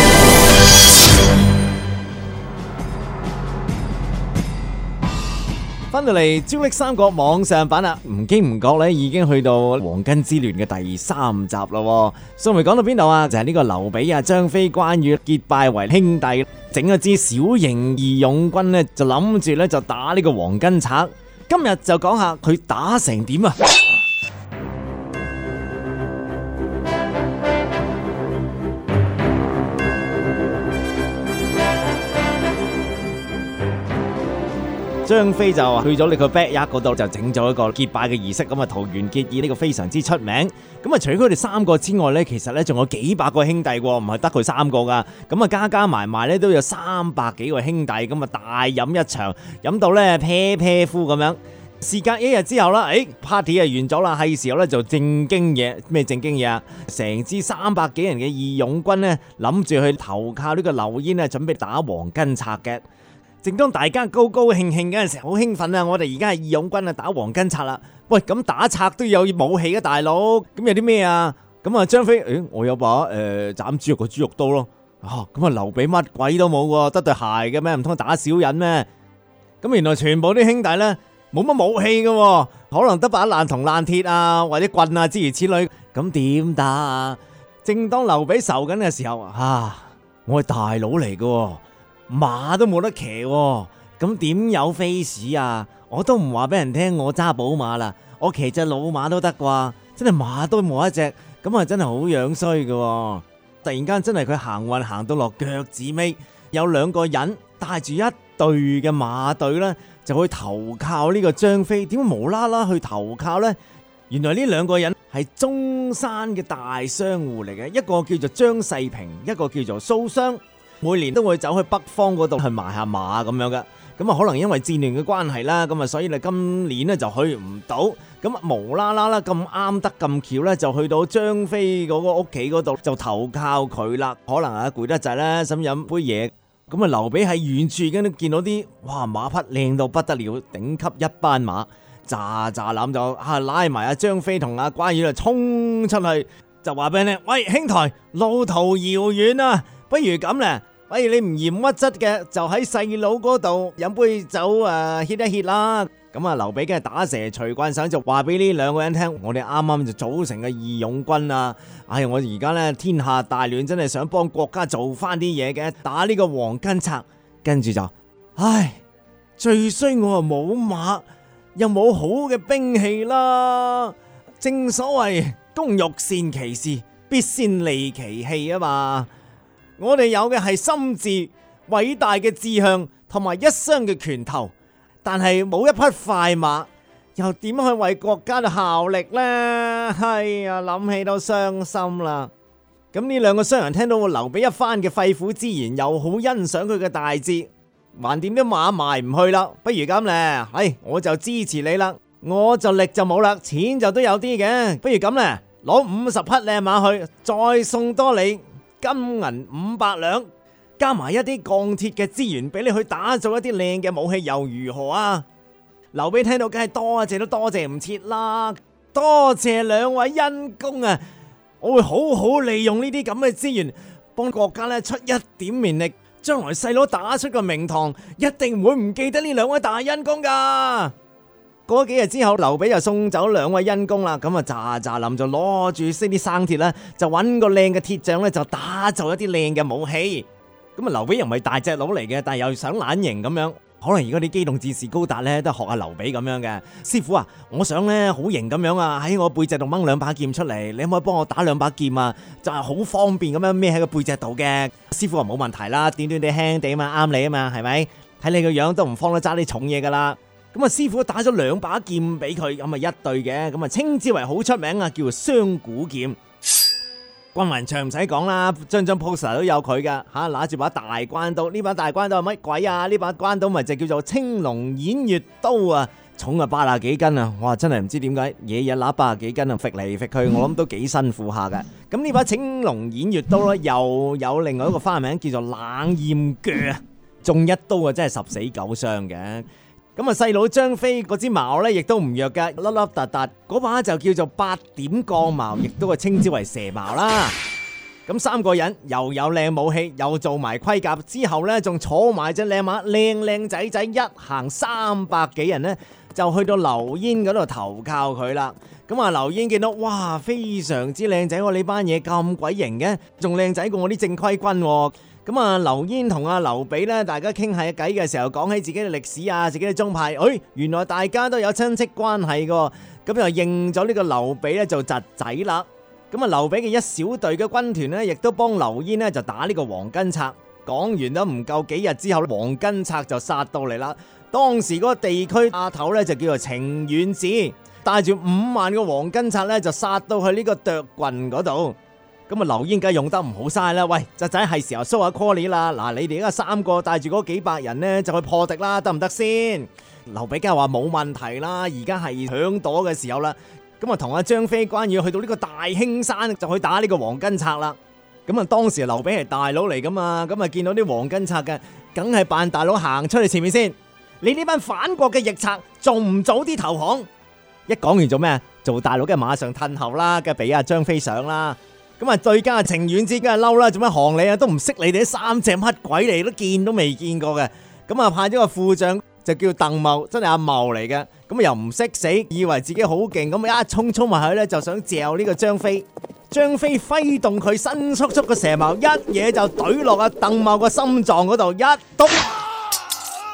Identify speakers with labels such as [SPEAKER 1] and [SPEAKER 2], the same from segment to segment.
[SPEAKER 1] 翻到嚟《朱古力三國》網上版啦，唔經唔覺咧，已經去到黃巾之亂嘅第三集啦。上回講到邊度啊？就係、是、呢個劉備啊、張飛、關羽結拜為兄弟，整咗支小型義勇軍咧，就諗住咧就打呢個黃巾賊。今日就講下佢打成點啊！ 張飛就啊去咗你個 back 度就整咗一個結拜嘅儀式，咁啊桃園結義呢，這個非常之出名。咁啊除咗佢哋三個之外呢，其實呢仲有幾百個兄弟喎，唔係得佢三個噶。咁啊加加埋埋呢都有三百幾個兄弟，咁啊大飲一場飲到呢啤啤呼咁樣，事隔一日之後啦，誒 party 啊完咗啦係時候呢，就正經嘢。咩正經嘢啊？成支三百幾人嘅義勇軍呢，諗住去投靠呢個劉焉啊，準備打黃巾賊嘅。正當大家高高興興嗰陣時候，好興奮啊！我哋而家係義勇軍啊，打黃巾賊啦！喂，咁打賊都有武器嘅大佬，咁有啲咩啊？咁啊，張飛，誒、欸，我有把誒斬豬肉嘅豬肉刀咯。啊，咁啊，劉備乜鬼都冇喎，得對鞋嘅咩？唔通打小人咩？咁原來全部啲兄弟咧，冇乜武器嘅、啊，可能得把爛銅爛鐵啊，或者棍啊，諸如此類。咁、啊、點打啊？正當劉備愁緊嘅時候，啊，我係大佬嚟嘅。馬都冇得騎，咁點有飛士啊？我都唔話俾人聽我揸寶馬啦，我騎隻老馬都得啩。真係馬都冇一隻，咁啊真係好樣衰噶。突然間真係佢行運行到落腳趾尾，有兩個人帶住一隊嘅馬隊啦，就去投靠呢個張飛。點無啦啦去投靠呢？原來呢兩個人係中山嘅大商戶嚟嘅，一個叫做張世平，一個叫做蘇雙。每年都會走去北方嗰度去埋下馬咁樣嘅，咁啊可能因為戰亂嘅關係啦，咁啊所以咧今年咧就去唔到，咁無啦啦啦咁啱得咁巧咧就去到張飛嗰個屋企嗰度就投靠佢啦。可能啊攰得滯啦，想飲杯嘢，咁啊劉備喺遠處已經都見到啲哇馬匹靚到不得了，頂級一班馬，咋咋攬就啊拉埋阿張飛同阿關羽就衝出去，就話俾你聽：喂，兄台，路途遙遠啊，不如咁咧。哎，你唔嫌屈質嘅，就喺細佬嗰度飲杯酒誒、啊、歇一歇啦。咁啊，劉備梗係打蛇隨棍上，就話俾呢兩個人聽，我哋啱啱就組成嘅義勇軍啊！哎，我而家咧天下大亂，真係想幫國家做翻啲嘢，嘅，打呢個黃巾賊。跟住就，唉，最衰我啊冇馬，又冇好嘅兵器啦。正所謂公欲善其事，必先利其器啊嘛。我哋有嘅係心智偉大嘅志向同埋一雙嘅拳頭，但係冇一匹快馬，又點去為國家就效力呢？哎呀，諗起都傷心啦。咁呢兩個商人聽到我劉備一番嘅肺腑之言，又好欣賞佢嘅大志，還點都馬埋唔去啦。不如咁咧，哎，我就支持你啦，我就力就冇啦，錢就都有啲嘅。不如咁咧，攞五十匹靚馬去，再送多你，金銀五百兩，加埋一啲鋼鐵嘅資源俾你去打造一啲靚嘅武器，又如何啊？劉備聽到梗係多謝都多謝唔切啦，多謝兩位恩公啊！我會好好利用呢啲咁嘅資源，幫國家咧出一點綿力。將來細佬打出個名堂，一定唔會唔記得呢兩位大恩公噶。過咗幾日之後，劉備又送走兩位恩公啦。咁啊，渣渣林就攞住識啲生鐵咧，就搵個靚嘅鐵匠咧，就打造一啲靚嘅武器。咁啊，劉備又唔係大隻佬嚟嘅，但係又想懶型咁樣。可能而家啲機動戰士高達咧都學下劉備咁樣嘅。師傅啊，我想咧好型咁樣啊，喺我背脊度掹兩把劍出嚟，你可唔可以幫我打兩把劍啊？就係好方便咁樣孭喺個背脊度嘅。師傅話，冇問題啦，短短地輕地啊嘛，啱你啊嘛，係咪？睇你個樣都唔慌得揸啲重嘢噶啦。咁啊，師傅打咗兩把劍俾佢，咁啊，一對嘅，咁啊稱之為好出名啊，叫做雙股劍。關雲長唔使講啦，張張 poster 都有佢噶嚇，拿住把大關刀。呢把大關刀係乜鬼啊？呢把關刀咪就叫做青龍偃月刀啊，重啊八廿幾斤啊！哇，真係唔知點解，日日拿八廿幾斤啊，揈嚟揈去，我諗都幾辛苦下嘅。咁呢把青龍偃月刀咧，又有另外一個花名叫做冷艷鋸啊，中一刀啊，真係十死九傷嘅。咁啊，細佬張飛嗰支矛咧，亦都唔弱噶，凹凹凸凸，嗰把就叫做八點鋼矛，亦都係稱之為蛇矛啦。咁三個人又有靚武器，又做埋盔甲，之後咧仲坐埋隻靚馬，靚靚仔仔一行三百幾人咧，就去到劉焉嗰度投靠佢啦。咁啊，劉焉見到哇，非常之靚仔，我呢班嘢咁鬼型嘅，仲靚仔過我啲正規軍。咁啊，劉焉同阿劉備咧，大家傾下偈嘅時候，講起自己嘅歷史啊，自己嘅宗派，誒、哎，原來大家都有親戚關係個，咁就認咗呢個劉備咧做侄仔啦。咁啊，劉備嘅一小隊嘅軍團咧，亦都幫劉焉咧就打呢個黃巾賊。講完都唔夠幾日之後，黃巾賊就殺到嚟啦。當時嗰個地區阿頭咧就叫做程遠志，帶住五萬個黃巾賊咧就殺到去呢個涿郡嗰度。咁啊，劉焉梗係用得唔好晒啦！喂，侄仔係時候 show 下 call 啦！嗱，你哋而家三個帶住嗰幾百人呢，就去破敵啦，得唔得先？劉備梗係話冇問題啦，而家係響朵嘅時候啦。咁啊，同阿張飛、關羽去到呢個大興山，就去打呢個黃巾賊啦。咁啊，當時劉備係大佬嚟噶嘛？咁啊，見到啲黃巾賊嘅，梗係扮大佬行出去前面先。你呢班反國嘅逆賊，仲唔早啲投降？一講完做咩？做大佬梗係馬上褪後啦，梗俾阿張飛上啦。咁啊，最加啊，程遠志梗係嬲啦！做咩行你啊，都唔識你哋啲三隻黑鬼嚟，都見都未見過嘅。咁啊，派咗個副將就叫鄧茂，真係阿茂嚟嘅。咁啊，又唔識死，以為自己好勁。咁啊，一衝衝埋去咧，就想噍呢個張飛。張飛揮動佢新出出嘅蛇矛，一嘢就懟落阿鄧茂個心臟嗰度，一篤，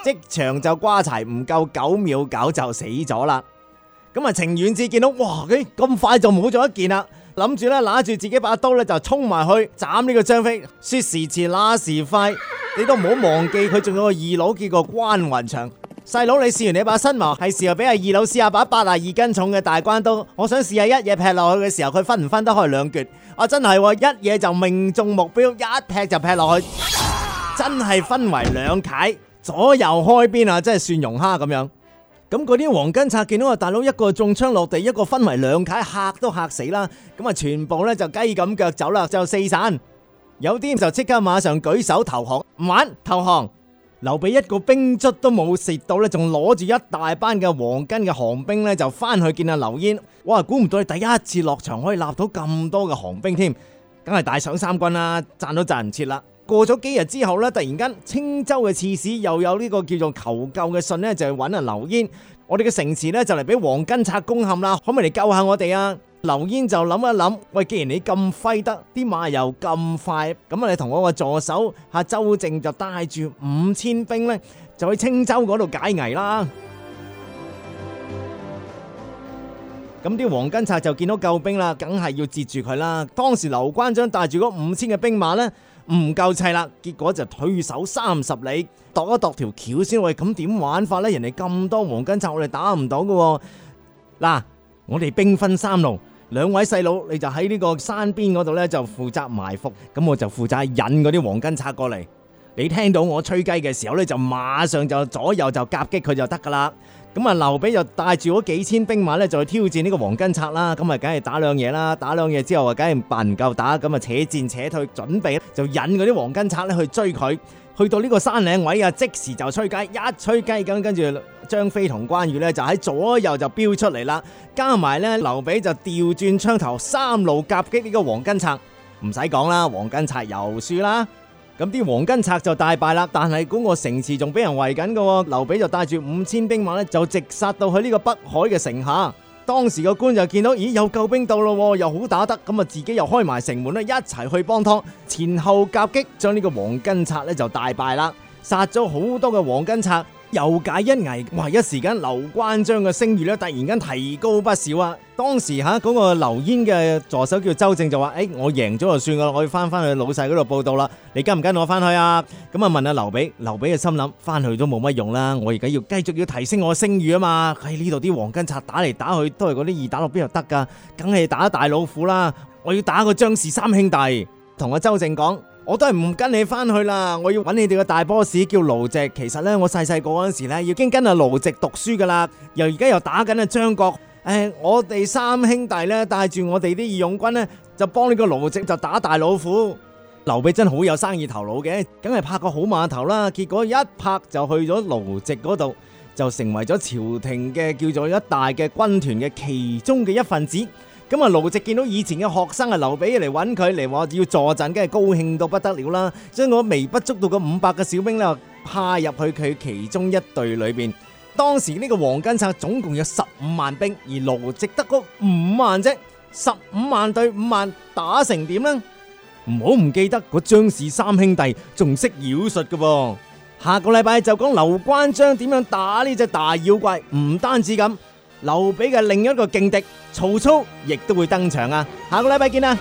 [SPEAKER 1] 即場就瓜柴，唔夠九秒九就死咗啦。咁啊，程遠志見到哇，咁快就冇咗一件啦。諗住咧，拿住自己把刀咧，就衝埋去斬呢個張飛，說時遲那時快，你都唔好忘記佢仲有個二佬叫過關雲長細佬，弟弟，你試完你把新矛，係時候俾阿二佬試下把八十二斤重嘅大關刀，我想試下一嘢劈落去嘅時候，佢分唔分得開兩橛？啊，真係、哦，一嘢就命中目標，一劈就劈落去，真係分為兩解，左右開邊啊，真係蒜蓉蝦咁樣。咁嗰啲黃巾賊見到個大佬一個中槍落地，一個分為兩解，吓都嚇死啦！咁啊，全部咧就雞咁腳走啦，就四散。有啲就即刻馬上舉手投降，唔玩投降。劉備一個兵卒都冇食到咧，仲攞住一大班嘅黃巾嘅降兵咧，就翻去見阿劉焉。哇，估唔到你第一次落場可以立到咁多嘅降兵添，梗係大賞三軍啦，賺都賺唔切啦。過咗幾日之後咧，突然間青州嘅刺史又有呢個叫做求救嘅信咧，就去搵啊劉焉。我哋嘅城池咧就嚟俾黃巾賊攻陷啦，可唔可以嚟救下我哋啊？劉焉就諗一諗，喂，既然你咁揮得，啲馬又咁快，咁啊，你同我個助手啊周正就帶住五千兵呢，就去青州嗰度解危啦。咁啲黃巾賊就見到救兵啦，梗係要截住佢啦。當時劉關張帶住嗰五千嘅兵馬呢。唔夠砌啦，結果就退守三十里，度一度條橋先。喂，咁點玩法咧？人哋咁多黃巾賊，我哋打唔到㗎喎。嗱，我哋兵分三路，兩位細佬你就喺呢個山邊嗰度咧，就負責埋伏，咁我就負責引嗰啲黃巾賊過嚟。你聽到我吹雞嘅時候咧，就馬上就左右就夾擊佢就得噶啦。咁啊，劉備就帶住嗰幾千兵馬呢，就去挑戰呢個黃巾賊啦。咁啊，梗係打兩嘢啦，打兩嘢之後啊，梗係扮唔夠打，咁啊，且戰且退，準備就引嗰啲黃巾賊咧去追佢。去到呢個山嶺位啊，即時就吹雞，一吹雞咁，跟住張飛同關羽呢，就喺左右就飆出嚟啦。加埋呢，劉備就調轉槍頭，三路夾擊呢個黃巾賊。唔使講啦，黃巾賊又輸啦。咁啲黃巾賊就大敗啦，但係嗰個城池仲俾人圍緊㗎喎。劉備就帶住五千兵馬咧，就直殺到去呢個北海嘅城下。當時個官就見到，咦，有救兵到咯，又好打得，咁啊自己又開埋城門，一齊去幫拖，前後夾擊，將呢個黃巾賊咧就大敗啦，殺咗好多嘅黃巾賊。又解一危，哇！一時間劉關張嘅聲譽咧，突然間提高不少啊。當時吓嗰、啊那個劉焉嘅助手叫周正就話：，誒、欸，我贏咗就算噶啦，我要翻翻去老細嗰度報道啦。你跟唔跟我翻去啊？咁啊問下劉備，劉備就心諗翻去都冇乜用啦。我而家要繼續要提升我嘅聲譽啊嘛。喺呢度啲黃巾賊打嚟打去，都係嗰啲二打六，邊又得噶，梗係打大老虎啦。我要打個張氏三兄弟，同阿、啊、周正講。我都係唔跟你翻去啦，我要揾你哋個大 boss 叫盧植。其實呢，我細細個嗰陣時呢，已經跟阿盧植讀書噶啦。又而家又打緊阿張角。誒、哎，我哋三兄弟呢，帶住我哋啲義勇軍呢，就幫呢個盧植就打大老虎。劉備真好有生意頭腦嘅，梗係拍個好碼頭啦。結果一拍就去咗盧植嗰度，就成為咗朝廷嘅叫做一大嘅軍團嘅其中嘅一份子。咁啊！盧植見到以前嘅學生啊，劉備嚟揾佢嚟話要助陣，梗係高興到不得了啦！將我微不足道嘅五百個小兵呢，派入去佢其中一隊裏邊。當時呢個黃巾賊總共有十五萬兵，而盧植得嗰五萬啫，十五萬對五萬，打成點呢？唔好唔記得嗰張氏三兄弟仲識妖術嘅噃。下個禮拜就講劉關張點樣打呢隻大妖怪，唔單止咁。劉備嘅另一個勁敵曹操，亦都會登場啊！下個禮拜見啊！